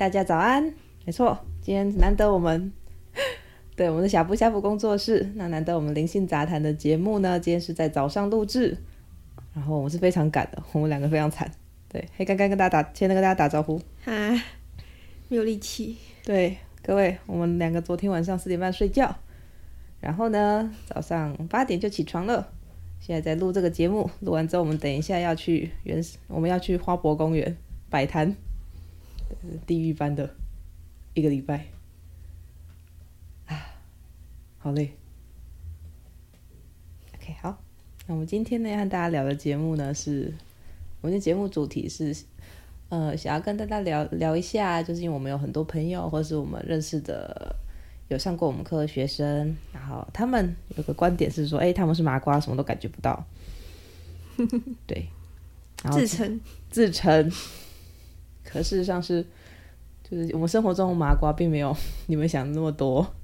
大家早安，沒錯，今天難得我們對我們的小布小布工作室，那難得我們靈性雜談的節目呢，今天是在早上錄製，然後我們是非常趕的，我們兩個非常慘，對，嘿剛剛跟大家打，現在跟大家打招呼，哈、啊，沒有力氣，對各位，我們兩個昨天晚上四點半睡覺，然後呢早上八點就起床了，現在在錄這個節目，錄完之後我們等一下要去原始，我們要去花博公園擺攤。地獄般的，一個禮拜好嘞。OK，好，那我們今天呢，要和大家聊的節目呢，是我們的節目主題是，呃，想要跟大家聊聊一下，就是因為我們有很多朋友，或者是我們認識的有上過我們課的學生，然後他們有個觀點是說，哎、欸，他們是麻瓜，什麼都感覺不到。 對，然後自稱自稱。可事實上是，就是我們生活中的麻瓜並沒有你們想的那麼多，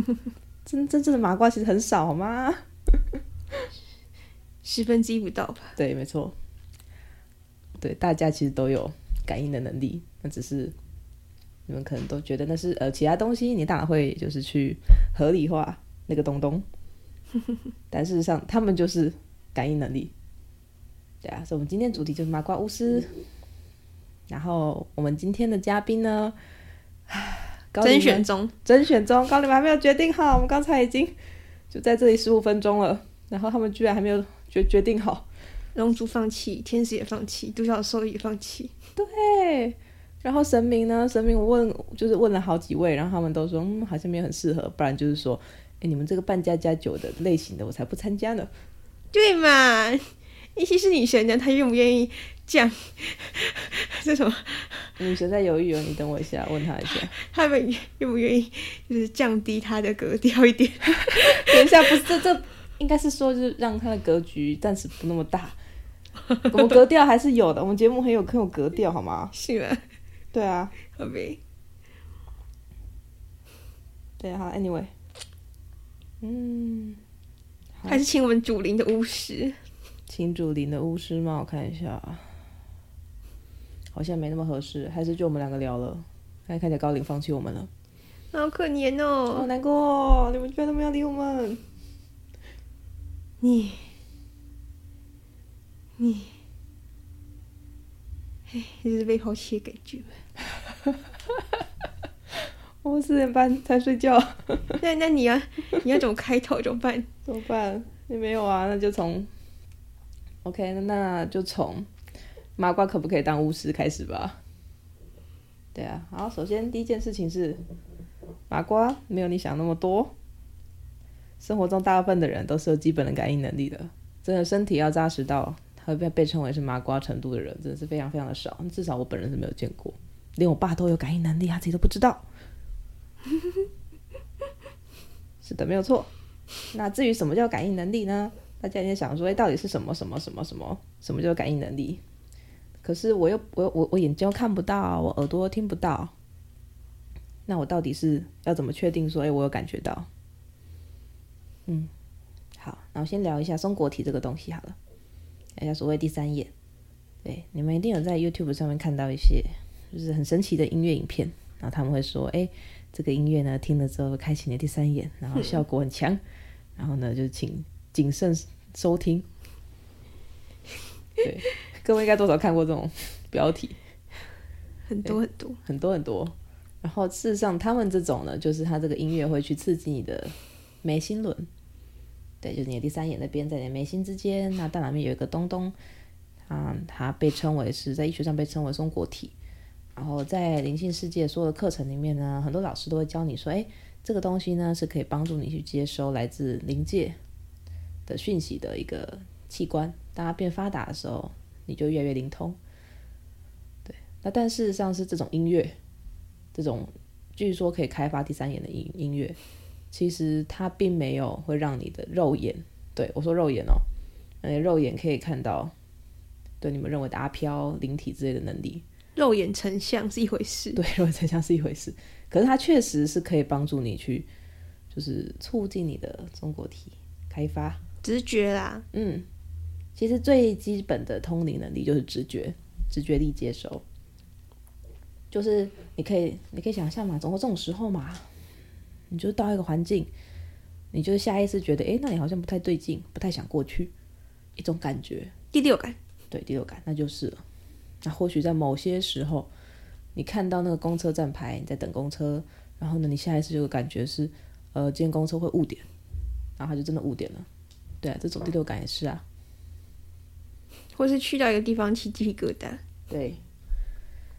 真真正的麻瓜其實很少好嗎？ 十分之一不到吧？對，沒錯。對，大家其實都有感應的能力，那只是你們可能都覺得那是呃其他東西，你當然會就是去合理化那個東東，但事實上他們就是感應能力。對啊，所以我們今天的主題就是麻瓜巫師。嗯然後我們今天的嘉賓呢，甄選中，甄選中，高靈們還沒有決定好。我們剛才已經就在這裡十五分鐘了，然後他們居然還沒有決決定好。龍族放棄，天使也放棄，獨角獸也放棄。對，然後神明呢？神明我問，就是問了好幾位，然後他們都說，嗯，好像沒有很適合。不然就是說，哎，你們這個扮家家酒的類型的，我才不參加呢。對嘛，尤其是你選的，他願不願意？這樣，這是什麼？女神在猶豫哦、喔，你等我一下，問他一下，他們願不願意就是降低他的格調一點？ 等一下，不是這這應該是說就是讓他的格局暫時不那麼大。我們格調還是有的，我們節目很有很有格調，好嗎？是啊，對啊，何、okay. 必？對啊，a n y、anyway、w a y 嗯，還是請我們主靈的巫師，請主靈的巫師嗎？我看一下啊。好像沒那麼合適，還是就我們兩個聊了。那看起來高靈放棄我們了，好可憐哦，好、哦、難過。你們居然都沒有理我們？你，你，哎，就是被拋棄的感覺。 我們四點半才睡覺， 那那你要、啊、你要怎麼開頭？怎麼辦？怎麼辦？你沒有啊？那就從，OK，那，那就從。麻瓜可不可以當巫師？開始吧。對啊，好，首先第一件事情是，麻瓜沒有你想那麼多。生活中大部分的人都是有基本的感應能力的。真的，身體要扎實到他會被被稱為是麻瓜程度的人，真的是非常非常的少。至少我本人是沒有見過，連我爸都有感應能力啊，他自己都不知道。 是的，沒有錯。那至於什麼叫感應能力呢？大家也想說，誒，到底是什麼什麼什麼什麼？什麼叫感應能力？可是我又我我我眼睛又看不到，我耳朵聽不到，那我到底是要怎麼確定說哎、欸、我有感覺到？嗯，好，那我先聊一下松果體這個東西好了，聊一下所謂第三眼，對，你們一定有在 YouTube 上面看到一些就是很神奇的音樂影片，然後他們會說哎、欸、這個音樂呢聽了之後開啟你的第三眼，然後效果很強， 然後呢就請謹慎收聽，對。各位應該多少看過這種標題，很多很多很多很多。然後事實上，他們這種呢，就是他這個音樂會去刺激你的眉心輪，對，就是你的第三眼那邊，在你的眉心之間。那大腦裡面有一個東東，啊，它被稱為是在醫學上被稱為松果體。然後在靈性世界所有的課程裡面呢，很多老師都會教你說，誒，這個東西呢是可以幫助你去接收來自靈界的訊息的一個器官。當它變發達的時候。你就越來越靈通，對。那但事實上是這種音樂，這種據說可以開發第三眼的音音樂，其實它並沒有會讓你的肉眼，對我說肉眼哦、喔，肉眼可以看到，對你們認為的阿飄靈體之類的能力，肉眼成像是一回事，對，肉眼成像是一回事，可是它確實是可以幫助你去，就是促進你的中國體開發，直覺啦，嗯。其實最基本的通靈能力就是直覺，直覺力接收，就是你可以，你可以想象嘛，總合這種時候嘛，你就到一個環境，你就是下意識覺得，誒、欸，那裡好像不太對勁，不太想過去，一種感覺，第六感，對，第六感，那就是了，那或許在某些時候，你看到那個公車站牌，你在等公車，然後呢，你下意識就有感覺是，呃，今天公車會誤點，然後他就真的誤點了，對啊，這種第六感也是啊。或是去到一個地方起雞皮疙瘩，對，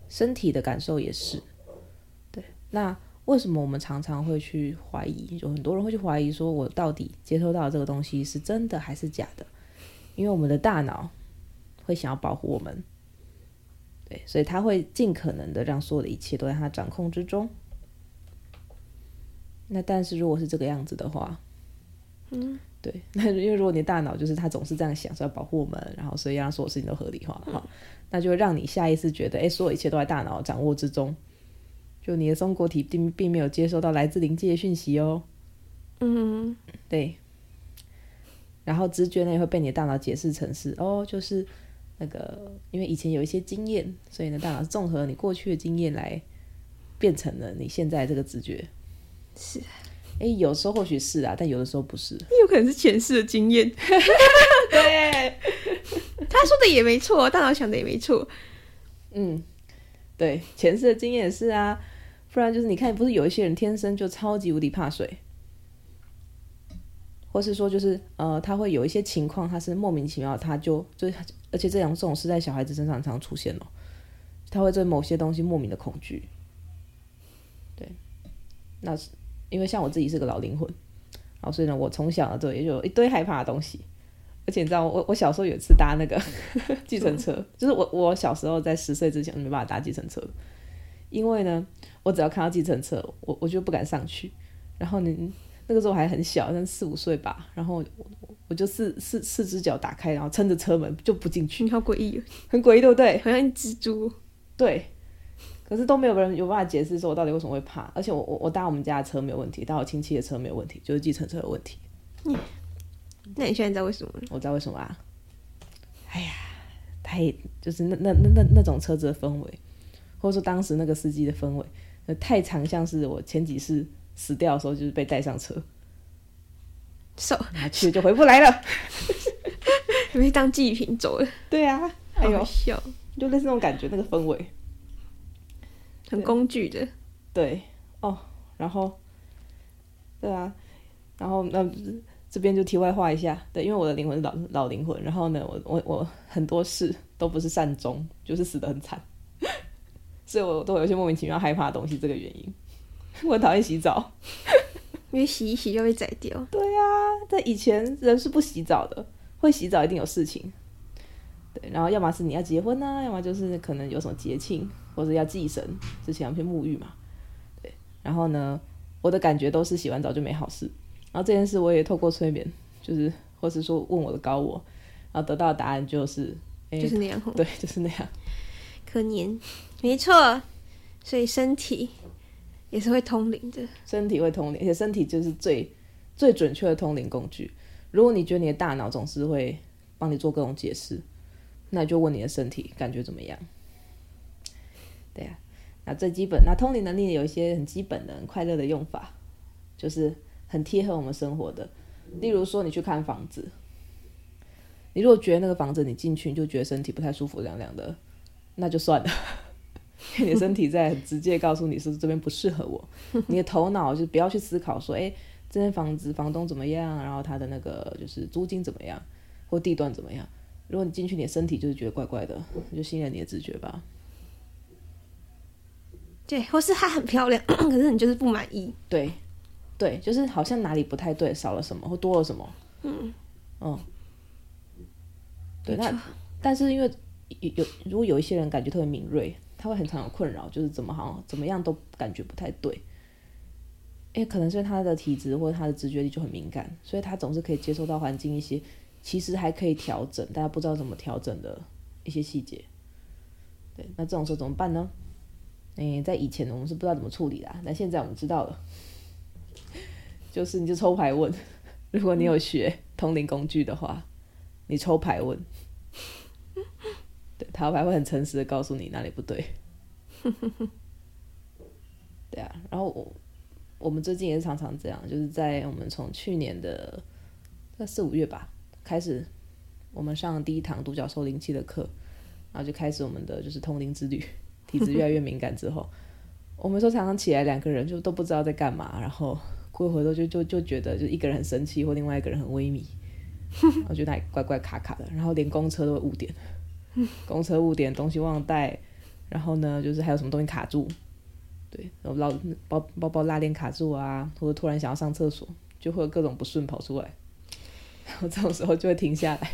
身體的感受也是。對，那為什麼我們常常會去懷疑？有很多人會去懷疑，說我到底接收到的這個東西是真的還是假的？因為我們的大腦會想要保護我們，對，所以他會盡可能的讓所有的一切都在他掌控之中。那但是如果是這個樣子的話，嗯。對，那因為如果你的大腦就是它總是這樣想，是要保護我們，然後所以讓所有事情都合理化，好，那就讓你下意識覺得，哎，所有一切都在大腦掌握之中，就你的松果體並並沒有接收到來自靈界的訊息哦。嗯，對。然後直覺呢也會被你的大腦解釋成是哦，就是那個，因為以前有一些經驗，所以呢大腦是綜合你過去的經驗來變成了你現在這個直覺。是。誒，有時候或許是啊，但有的時候不是。有可能是前世的經驗。對 都， 他說的也沒錯，大腦想的也沒錯。嗯，對，前世的經驗也是啊，不然就是你看，不是有一些人天生就超級無敵怕水，或是說就是呃，他會有一些情況，他是莫名其妙，他就就而且這兩種事在小孩子身上常出現哦，他會對某些東西莫名的恐懼。對，那是。因為像我自己是個老靈魂，然後、啊、所以呢，我從小啊，就也有一堆害怕的東西。而且你知道，我我小時候有一次搭那個、嗯、 計程車，就是我我小時候在十歲之前沒辦法搭計程車，因為呢，我只要看到計程車，我我就不敢上去。然後呢，那個時候還很小，像四五歲吧，然後我我就四四四隻腳打開，然後撐着車門就不進去。你好詭異、哦，很詭異，對不對？好像蜘蛛。對。可是都沒有人有辦法解釋，說我到底為什麼會怕。而且我我我搭我們家的車沒有問題，搭我親戚的車沒有問題，就是計程車有問題。那、嗯，那你現在知道為什麼了？我知道為什麼啊！哎呀，太，就是那那那那那種車子的氛圍，或者說當時那個司機的氛圍，太常像是我前幾次死掉的時候，就是被帶上車，so, 拿去就回不來了，沒 當祭品走了。對啊，哎呦，oh, 就類似那種感覺，那個氛圍。很工具的，對，對哦，然後對啊，然後那這邊就題外話一下，對，因為我的靈魂是老老靈魂，然後呢，我我我很多事都不是善終，就是死的很慘， 所以我都有些莫名其妙害怕的東西，這個原因，我討厭洗澡，因為洗一洗就被宰掉。 對啊，在以前人是不洗澡的，會洗澡一定有事情，對，然後要麼是你要結婚呢，啊，要麼就是可能有什麼節慶。或者要祭神之前要去沐浴嘛，對。然後呢，我的感覺都是洗完澡就沒好事。然後這件事我也透過催眠，就是或是說問我的高我，然後得到的答案就是，欸、就是那樣。對，就是那樣。可憐沒錯。所以身體也是會通靈的。身體會通靈，而且身體就是最最準確的通靈工具。如果你覺得你的大腦總是會幫你做各種解釋，那你就問你的身體感覺怎麼樣。對呀、啊，那最基本，那通靈能力有一些很基本的，很快樂的用法，就是很貼合我們生活的。例如說，你去看房子，你如果覺得那個房子你進去，你就覺得身體不太舒服，涼涼的，那就算了， 你身體在 直接告訴你是不是這邊不適合我。你的頭腦就不要去思考說，哎，這間房子房東怎麼樣，然後他的那個就是租金怎麼樣或地段怎麼樣。如果你進去，你的身體就是覺得怪怪的，你就信任你的直覺吧。對，或是她很漂亮咳咳，可是你就是不滿意。對，對，就是好像哪裡不太對，少了什麼或多了什麼。嗯，嗯，對。那但是因為有有如果有一些人感覺特別敏銳，他會很常有困擾，就是怎麼好像怎麼樣都感覺不太對。因為可能是他的體質或者他的直覺力就很敏感，所以他總是可以接受到環境一些其實還可以調整，大家不知道怎麼調整的一些細節。對，那這種時候怎麼辦呢？嗯，在以前我們是不知道怎麼處理的，啊，但現在我們知道了，就是你就抽牌問，如果你有學通靈工具的話，嗯、你抽牌問，對，塔羅牌會很誠實的告訴你哪裡不對。 對啊，然後我我們最近也是常常這樣，就是在我們從去年的在四五月吧開始，我們上第一堂獨角獸靈氣的課，然後就開始我們的就是通靈之旅。體質越來越敏感之後，我們說常常起來兩個人就都不知道在幹嘛，然後過回頭就就就覺得就一個人很生氣或另外一個人很萎靡，我覺得哪裡怪怪卡卡的，然後連公車都會誤點，公車誤點東西忘帶，然後呢就是還有什麼東西卡住，對，老包包包拉鏈卡住啊，或者突然想要上廁所就會有各種不順跑出來，然後這種時候就會停下來，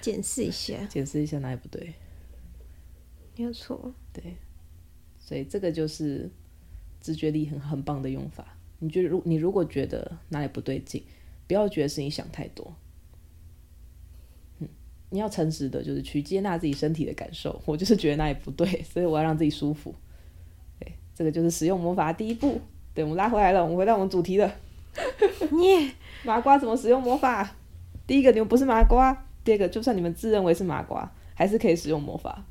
檢視一下，檢 視一下哪裡不對，你有錯。對，所以這個就是直覺力很很棒的用法。你覺得，如你如果覺得哪裡不對勁，不要覺得是你想太多。嗯，你要誠實的，就是去接納自己身體的感受。我就是覺得哪裡不對，所以我要讓自己舒服。對，這個就是使用魔法第一步。對，我們拉回來了，我們回到我們主題了。你 yeah. 麻瓜怎麼使用魔法？第一個，你們不是麻瓜；第二個，就算你們自認為是麻瓜，還是可以使用魔法。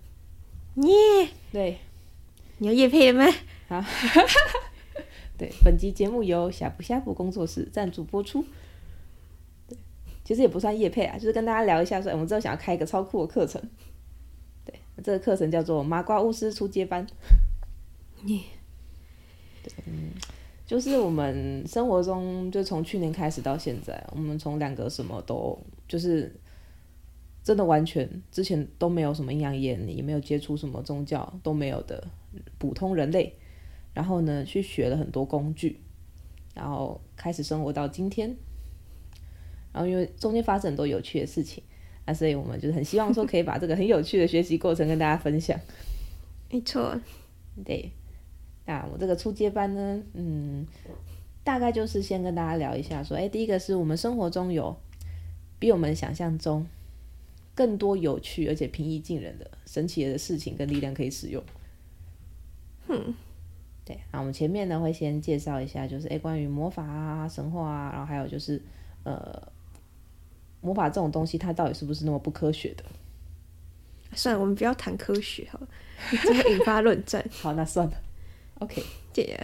你、yeah, 對，你要業配嗎？好， 對，本集節目由小布小布工作室贊助播出。對，其實也不算業配啊，就是跟大家聊一下說，說我們之後想要開一個超酷的課程。對，這個課程叫做“麻瓜巫師初階班”。你、yeah. 對，嗯，就是我們生活中，就從去年開始到現在，我們從兩個什麼都就是。真的完全之前都沒有什麼陰陽眼，也沒有接觸什麼宗教，都沒有的普通人類，然後呢，去學了很多工具，然後開始生活到今天。然後因為中間發生很多有趣的事情，啊，所以我們就是很希望說可以把這個很有趣的學習過程跟大家分享。沒錯，對。那我這個初階班呢，嗯，大概就是先跟大家聊一下說，哎，第一個是我們生活中有比我們想象中。更多有趣而且平易近人的神奇的事情跟力量可以使用。哼、嗯，對，啊，我們前面呢會先介紹一下，就是誒、欸，關於魔法啊、神話啊，然後還有就是呃，魔法這種東西它到底是不是那麼不科學的？算了，我們不要談科學好了，這 麼引發論戰。 好，那算了。OK，姐，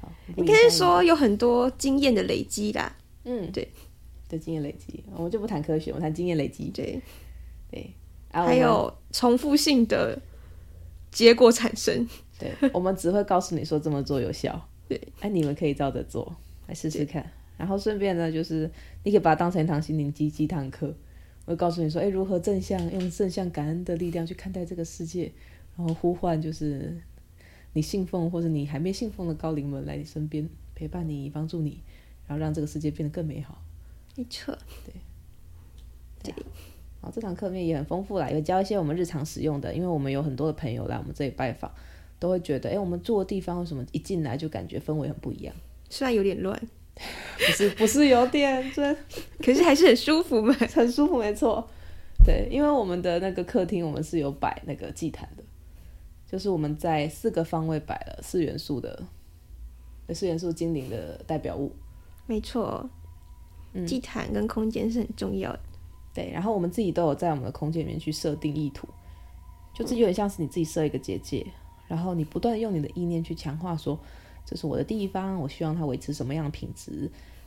好，你可以說有很多經驗的累積啦。嗯，對，對，經驗累積，我們就不談科學，我們談經驗累積。對。對，還有重複性的結果產生。對 我們只會告訴你說這麼做有效。對，哎、啊，你們可以照着做，來試試看。然後順便呢，就是你可以把它當成一堂心靈雞雞湯課。我會告訴你說，哎、欸，如何正向用正向感恩的力量去看待這個世界，然後呼喚就是你信奉或是你還沒信奉的高靈們來你身邊陪伴你、幫助你，然後讓這個世界變得更美好。沒錯，對，對。對然後這堂課面也很豐富啦，有教一些我們日常使用的，因為我們有很多的朋友來我們這裡拜訪，都會覺得，誒、欸，我們住的地方為什麼，一進來就感覺氛圍很不一樣。雖然有點亂， 不是不是有點，這 可是還是很舒服嘛，很舒服，沒錯。對，因為我們的那個客廳，我們是有擺那個祭壇的，就是我們在四個方位擺了四元素的，四元素精靈的代表物。沒錯，祭壇跟空間是很重要的。嗯對，然後我們自己都有在我們的空間裡面去設定意圖，就是有點像是你自己設一個結界，嗯，然後你不斷用你的意念去強化說，說這是我的地方，我希望它維持什麼樣的品質，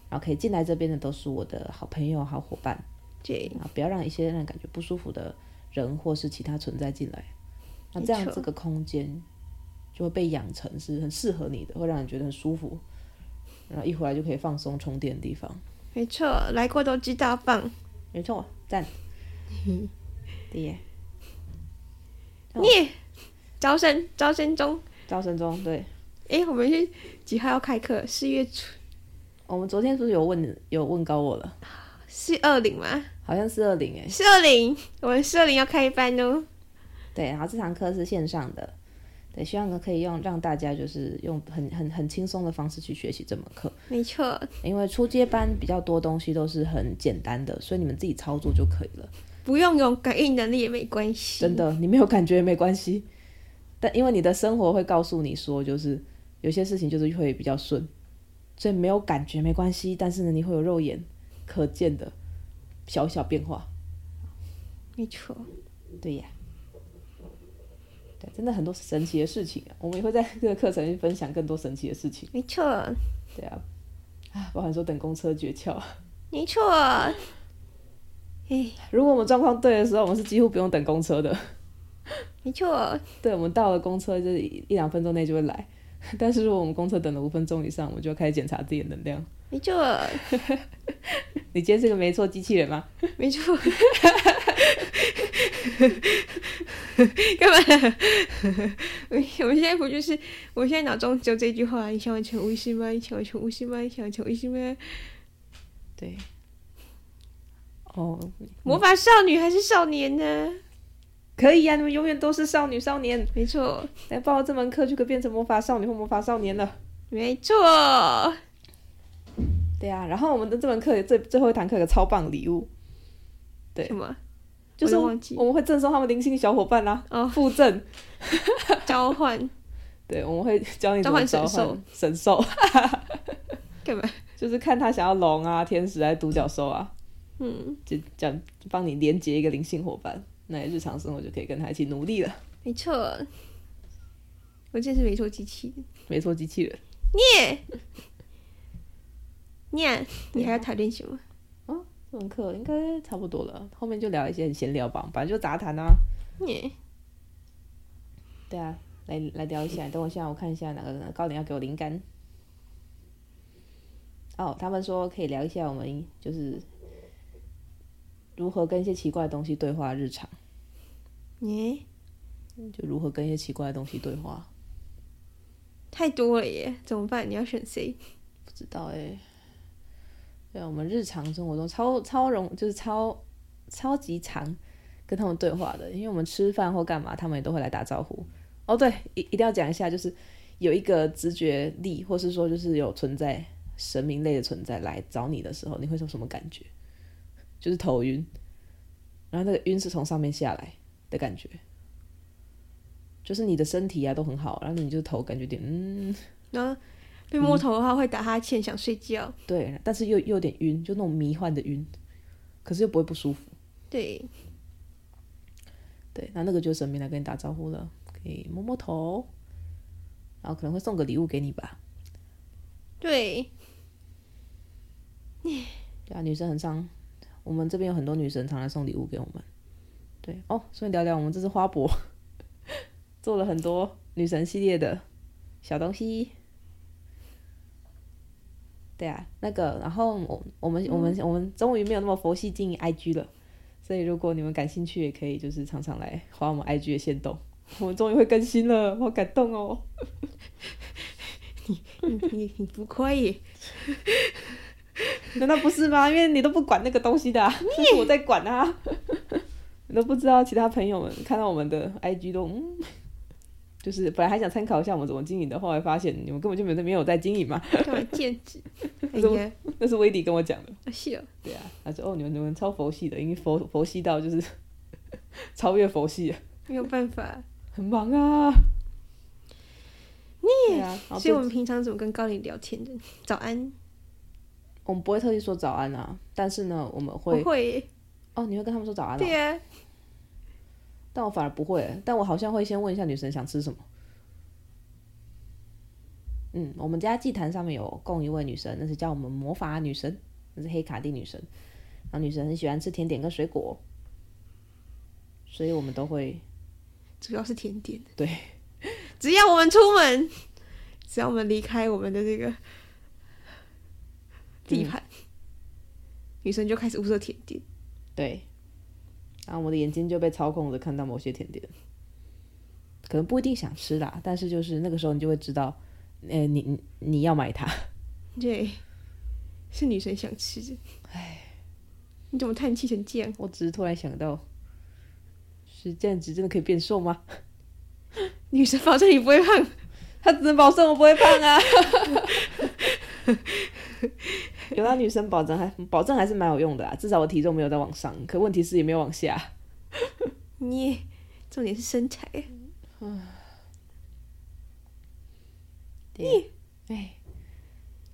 然後可以進來這邊的都是我的好朋友、好夥伴，對，啊，不要讓一些讓人感覺不舒服的人或是其他存在進來，那這樣這個空間就會被養成是很適合你的，會讓你覺得很舒服，然後一回來就可以放鬆充電的地方，沒錯，來過都知道放，沒錯。讚， 你。招生、招生中，招生中，對。誒、欸，我們是幾號要開課？四月初。我們昨天是不是有問有問高我了？四二零嗎？好像是二零誒。四二零，我們四二零要開班哦。對，然後這堂課是線上的。對，希望呢可以用讓大家就是用很很很輕鬆的方式去學習這門課。沒錯，因為初階班比較多東西都是很簡單的，所以你們自己操作就可以了，不用有感應能力也沒關係。真的，你沒有感覺也沒關係，但因為你的生活會告訴你說，就是有些事情就是會比較順，所以沒有感覺沒關係。但是呢，你會有肉眼可見的小小變化。沒錯，對呀、啊。對，真的很多神奇的事情，啊，我們也會在這個課程分享更多神奇的事情。沒錯，對啊，啊，我還說等公車訣竅。沒錯， 如果我們狀況對的時候，我們是幾乎不用等公車的。沒錯，對，我們到了公車，就是一兩分鐘內就會來。但是如果我們公車等了五分鐘以上，我們就要開始檢查自己的能量。沒錯， 你今天是個沒錯，機器人嗎？沒錯。 幹 嘛、啊？ 我們現在不就是？我現在腦中只有這句話、啊：你想要求巫師嗎？你想要求巫師嗎？你想要求巫師嗎？對。哦、oh,，魔法少女還是少年呢？嗯、可以呀、啊，你們永遠都是少女少年。沒錯， 來報這門課，就可以變成魔法少女或魔法少年了。沒錯。對啊，然後我們的這門課最最後一堂課有個超棒禮物。對，什麼？就，就是我們會贈送他們靈性小夥伴啦、啊，Oh. 附贈交換。 對，我們會教你怎麼召喚神獸。幹嘛？ 就是看他想要龍啊、天使還是獨角獸啊。嗯，就講幫你連接一個靈性夥伴，那你日常生活就可以跟他一起努力了。沒錯，我這是沒錯，機器沒錯，機器人。念念、啊，你還要討論什麼？文科應該差不多了，後面就聊一些閒聊吧，反正就雜談啊。你，對啊，來來聊一下。等我一下，我看一下哪個人高靈要給我靈感。哦，他們說可以聊一下我們就是如何跟一些奇怪的東西對話日常。你，就如何跟一些奇怪的東西對話？太多了耶，怎麼辦？你要選誰？不知道耶。對，我們日常生活中超超容就是超超級常跟他們對話的，因為我們吃飯或幹嘛，他們也都會來打招呼。哦，對，一一定要講一下，就是有一個直覺力，或是說就是有存在神明類的存在來找你的時候，你會是什麼感覺？就是頭暈，然後那個暈是從上面下來的感覺，就是你的身體啊都很好，然後你就頭感覺點嗯，啊被摸頭的話會打哈欠，嗯，想睡覺。對，但是又又有點暈，就那種迷幻的暈，可是又不會不舒服。對，對，那那個就是神明來跟你打招呼了，可、okay, 以摸摸頭，然後可能會送個禮物給你吧。對，對 啊，女神很常，我們這邊有很多女神常來送禮物給我們。對哦，所以聊聊，我們這只花博， 做了很多女神系列的小東西。對啊，那個，然後我我們我們我們終於沒有那麼佛系經營 IG 了、嗯，所以如果你們感興趣，也可以就是常常來滑我們 IG 的限動，我們終於會更新了，好感動哦！ 你你你不可以？難 道不是嗎？因為你都不管那個東西的、啊，這我在管啊， 你都不知道其他朋友們看到我們的 IG 都。嗯。就是本來還想參考一下我們怎麼經營的話，後來發現你們根本就沒沒有在經營嘛。對 見、哎、智。那 是那是威迪跟我講的。啊、是、哦，對啊。他說：“哦，你們你們超佛系的，因為佛佛系到就是超越佛系，沒有辦法， 很忙啊。你”你啊，所以我們平常怎麼跟高靈聊天的？早安。我們不會特意說早安啊，但是呢，我們會我會。哦，你會跟他們說早安的、啊。對啊。但我反而不會，但我好像會先問一下女神想吃什麼。嗯，我們家祭壇上面有供一位女神，那是叫我們魔法女神，那是黑卡蒂女神。然後女神很喜歡吃甜點跟水果，所以我們都會主要是甜點。對，只要我們出門，只要我們離開我們的這個地盤，嗯，女神就開始物色甜點。對。然、啊、後我的眼睛就被操控着看到某些甜點，可能不一定想吃啦，但是就是那個時候你就會知道，誒、欸，你你要買它，對，是女神想吃的，哎，你怎麼嘆氣成這樣？我只是突然想到，是這樣子真的可以變瘦嗎？女神保證你不會胖，她只能保證我不會胖啊。 有了女生保證還，還保證還是蠻有用的啊，至少我體重沒有在往上，可問題是也沒有往下。你、 yeah,，重點是身材。嗯 ，yeah. 哎，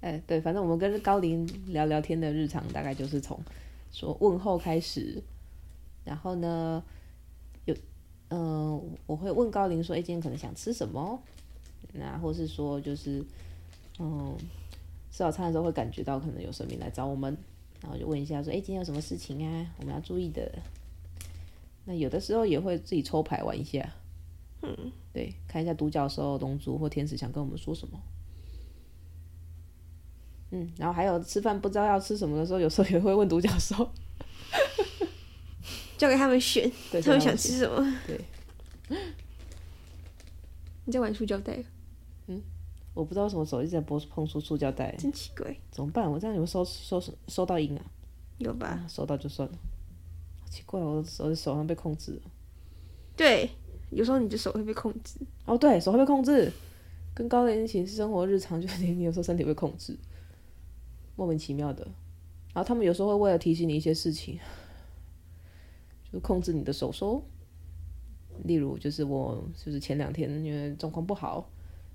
哎，對，反正我們跟高靈聊聊天的日常，大概就是從說問候開始，然後呢，有，嗯、呃，我會問高靈說：“哎、欸，今天可能想吃什麼？”那或是說就是，嗯。吃早餐的時候會感覺到可能有生命來找我們，然後就問一下說：“哎、欸，今天有什麼事情啊？我們要注意的。”那有的時候也會自己抽牌玩一下，嗯，對，看一下獨角獸、龍族或天使想跟我們說什麼。嗯，然後還有吃飯不知道要吃什麼的時候，有時候也會問獨角獸，交 給他們，對，他們選，他們想吃什麼？對，你在玩塑膠袋。我不知道為什麼手一直在播碰觸塑膠袋，真奇怪，怎麼辦？我這樣有沒有收收收到音啊？有吧，收到就算了。奇怪哦，我，我的手手上被控制了。對，有時候你的手會被控制。哦，對，手會被控制，跟高靈一起生活日常，就連你有時候身體會控制，莫名其妙的。然後他們有時候會為了提醒你一些事情，就控制你的手手。例如，就，就是我就是前兩天因為狀況不好。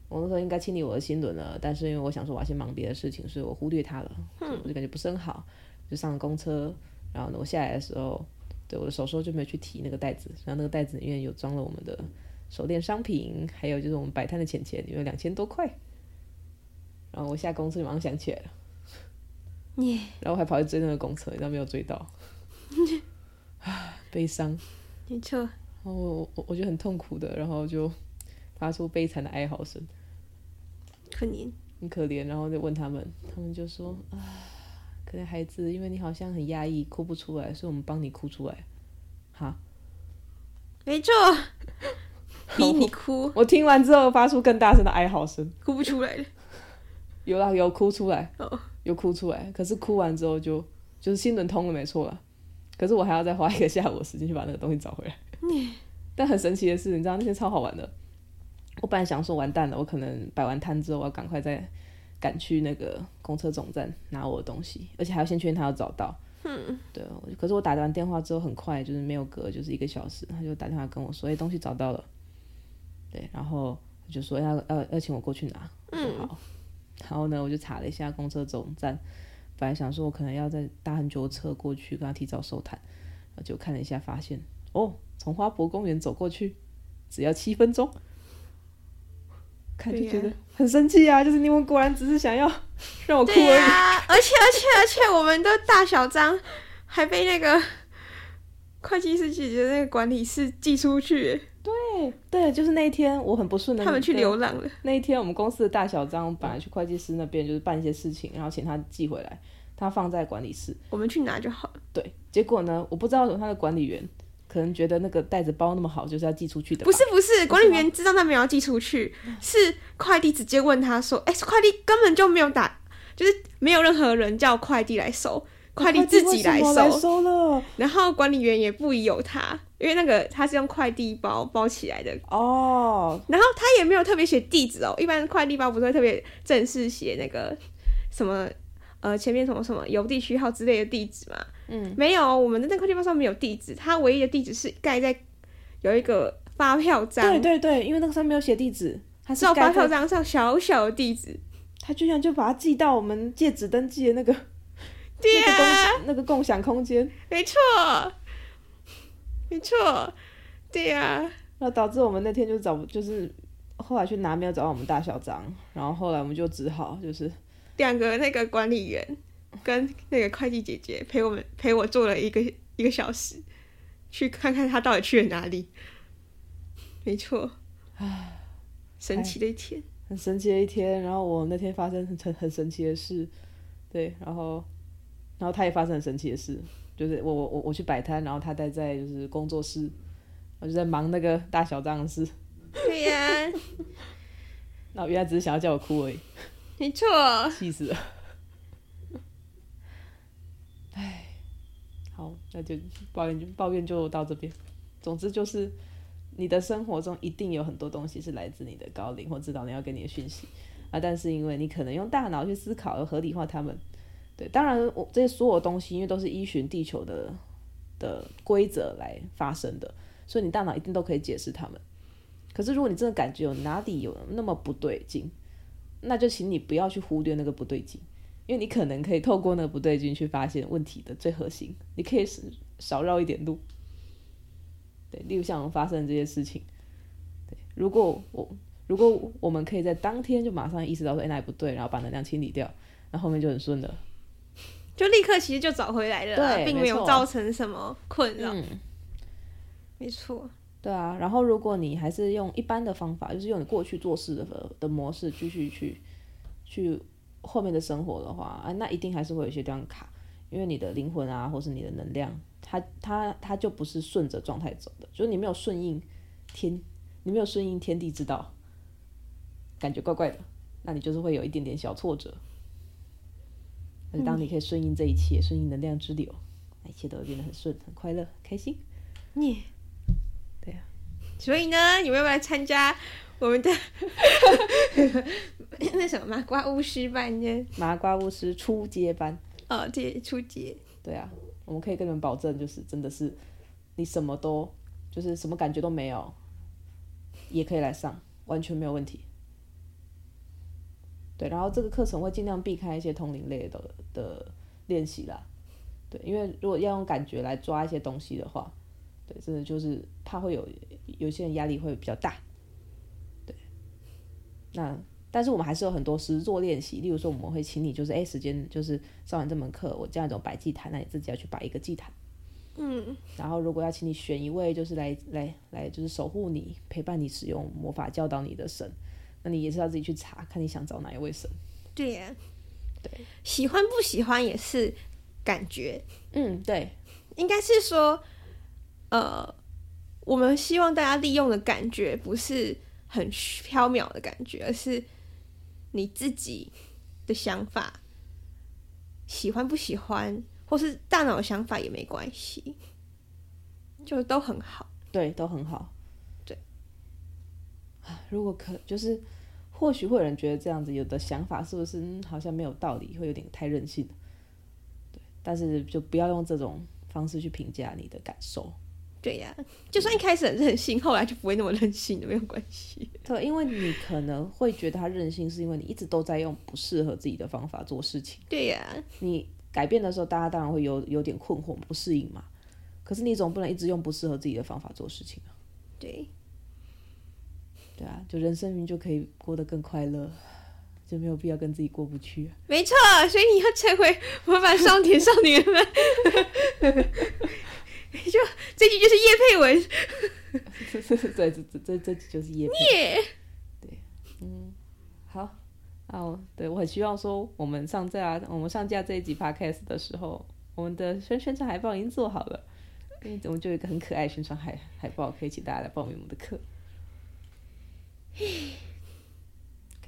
我那時候應該清理我的心輪了，但是因為我想說我要先忙別的事情，所以我忽略他了。所以我就感覺不是很好，嗯，就上了公車，然後呢，我下來的時候，對我的手說就沒有去提那個袋子，然後那個袋子裡面有裝了我們的手電商品，還有就是我們擺攤的錢錢，有兩千多塊。然後我下公車馬上想起來了耶，然後我還跑去追那個公車，但沒有追到，啊， 悲傷，沒錯，我我我就很痛苦的，然後就發出悲慘的哀嚎聲。很可憐，很可憐，然後就問他們，他們就說：“啊，可憐孩子，因為你好像很壓抑，哭不出來，所以我們幫你哭出來。”哈，沒錯，逼你哭。我聽完之後發出更大聲的哀嚎聲，哭不出來了。有啦，有哭出來，有哭出來。可是哭完之後就就是心輪通了，沒錯啦。可是我還要再花一個下午時間去把那個東西找回來、嗯。但很神奇的是，你知道那些超好玩的。我本來想說，完蛋了，我可能擺完攤之後，我要趕快再趕去那個公車總站拿我的東西，而且還要先確定他要找到。嗯，對，可是我打完電話之後，很快就是沒有隔，就是一個小時，他就打電話跟我說，哎、欸，東西找到了。對，然後就說要要、呃、要請我過去拿，嗯，好。然後呢，我就查了一下公車總站，本來想說我可能要再搭很久的車過去，跟他提早收攤，然後就看了一下，發現哦，從花博公園走過去只要七分鐘。我就覺得很生氣啊！就是你們果然只是想要讓我哭而已。啊、而且而且而且， 我們的大小章還被那個會計師姐姐那個管理室寄出去。對對，就是那一天我很不順的，他們去流浪了。那一天我們公司的大小章本來去會計師那邊就是辦一些事情，然後請他寄回來，他放在管理室，我們去拿就好了。對，結果呢，我不知道什麼他的管理員。可能覺得那個袋子包那麼好就是要寄出去的，不是不是管理員知道他沒有寄出去，是，是快遞直接問他說，哎、欸，快遞根本就沒有打，就是沒有任何人叫快遞來收，啊，快遞自己來收、啊、 然後管理員也不疑有他，因為那個他是用快遞包包起來的哦，oh. 然後他也沒有特別寫地址哦，一般快遞包不會特別正式寫那個什麼。呃，前面什麼什麼郵遞區號之類的地址嘛，嗯，沒有，我們的那塊地方上面沒有地址，它唯一的地址是蓋在有一個發票章，對對對，因為那個上面沒有寫地址，它是蓋發票章上小小的地址，它居然就把它寄到我們借址登記的那個對、啊、 那個那個共享空間，沒錯，沒錯，對呀、啊，那導致我們那天就找就是後來去拿沒有找到我們大小章，然後後來我們就只好就是。兩個那個管理員跟那個會計姐姐陪我們陪我坐了一個一個小時，去看看他到底去了哪裡。沒錯，啊，神奇的一天，很神奇的一天。然後我那天發生很很很神奇的事，對，然後然後他也發生很神奇的事，就是我我我去擺攤，然後他待在，在就是工作室，我就在忙那個大小張的事。對、哎、呀， 那我原來只是想要叫我哭而已。沒錯、啊，氣死了。哎， 好，那就抱怨就抱怨就到這邊。總之就是，你的生活中一定有很多東西是來自你的高靈，或指導人要給你的訊息啊，但是因為你可能用大腦去思考和合理化他們。對，當然我這些所有東西，因為都是依循地球的的規則來發生的，所以你大腦一定都可以解釋他們。可是如果你真的感覺有哪裡有那麼不對勁，那就請你不要去忽略那個不對勁，因為你可能可以透過那個不對勁去發現問題的最核心，你可以少繞一點路。對，例如像我們發生這些事情，對，如果我如果我們可以在當天就馬上意識到說哎，那不對，然後把能量清理掉，那後，後面就很順的，就立刻其實就找回來了，對，並沒有造成什麼困擾。沒錯啊。嗯。沒錯。對啊，然後如果你還是用一般的方法，就是用你過去做事的的模式繼續去去後面的生活的話，啊，那一定還是會有一些這樣卡，因為你的靈魂啊，或是你的能量，它它它就不是順着狀態走的，就是你沒有順應天，你沒有順應天地之道，感覺怪怪的，那你就是會有一點點小挫折。但、嗯、是當你可以順應這一切，順應能量之流，那一切都會變得很順，很快樂，開心，你。對呀、啊，所以呢，你們要不要來參加我們的 那什麼麻瓜巫師班呢？麻瓜巫師初階班哦，對，初階。對啊，我們可以跟你們保證，就是真的是你什麼都就是什麼感覺都沒有，也可以來上，完全沒有問題。對，然後這個課程會盡量避開一些通靈類的的練習啦。對，因為如果要用感覺來抓一些東西的話。對，真的就是怕會有有些人壓力會比較大。對，那但是我們還是有很多實作練習，例如說我們會請你就是哎，時間就是上完這門課，我叫你走擺祭壇，那你自己要去擺一個祭壇。嗯。然後如果要請你選一位就是來來來就是守護你、陪伴你、使用魔法教導你的神，那你也是要自己去查看你想找哪一位神。對啊，對，喜歡不喜歡也是感覺。嗯，對，應該是說。呃，我們希望大家利用的感覺不是很飄渺的感覺，而是你自己的想法，喜歡不喜歡，或是大腦想法也沒關係，就都很好。對，都很好。對。如果可，就是或許會有人覺得這樣子有的想法是不是、嗯、好像沒有道理，會有點太任性。對，但是就不要用這種方式去評價你的感受。對呀、啊，就算一開始很任性，啊，後來就不會那麼任性，沒有關係。對，因為你可能會覺得他任性，是因為你一直都在用不適合自己的方法做事情。對呀、啊，你改變的時候，大家當然會有有點困惑、不適應嘛。可是你總不能一直用不適合自己的方法做事情啊。對，對啊，就人生就可以過得更快樂，就沒有必要跟自己過不去，啊。沒錯，所以你要成為魔法少男少女們。 上了 就這集就是業配文，這這這這這這集就是業配文，對，嗯，好，哦，對，我很希望說我們上架、啊，我們上架這一集 podcast 的時候，我們的宣宣傳海報已經做好了，因為我們就有一個很可愛的宣傳海海報可以請大家來報名我們的課，可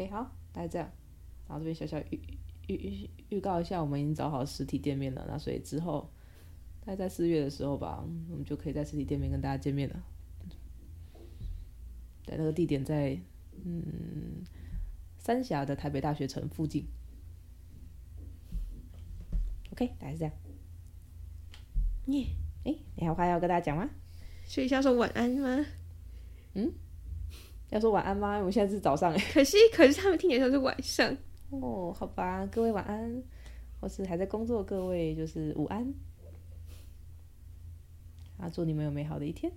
以、okay, 好，大概這樣，然後這邊小小預預預預告一下，我們已經找好實體店面了，那所以之後。大概在四月的時候吧，我們就可以在實體店面跟大家見面了。對，那個地點在嗯三峽的台北大學城附近。OK，大概是這樣。耶，誒，你還有話要跟大家講嗎？所以是要說晚安嗎？嗯，要說晚安嗎？我們現在是早上誒，可惜，可是他們聽起來像是晚上。哦，好吧，各位晚安，或是還在工作，各位就是午安。啊，祝你們有美好的一天。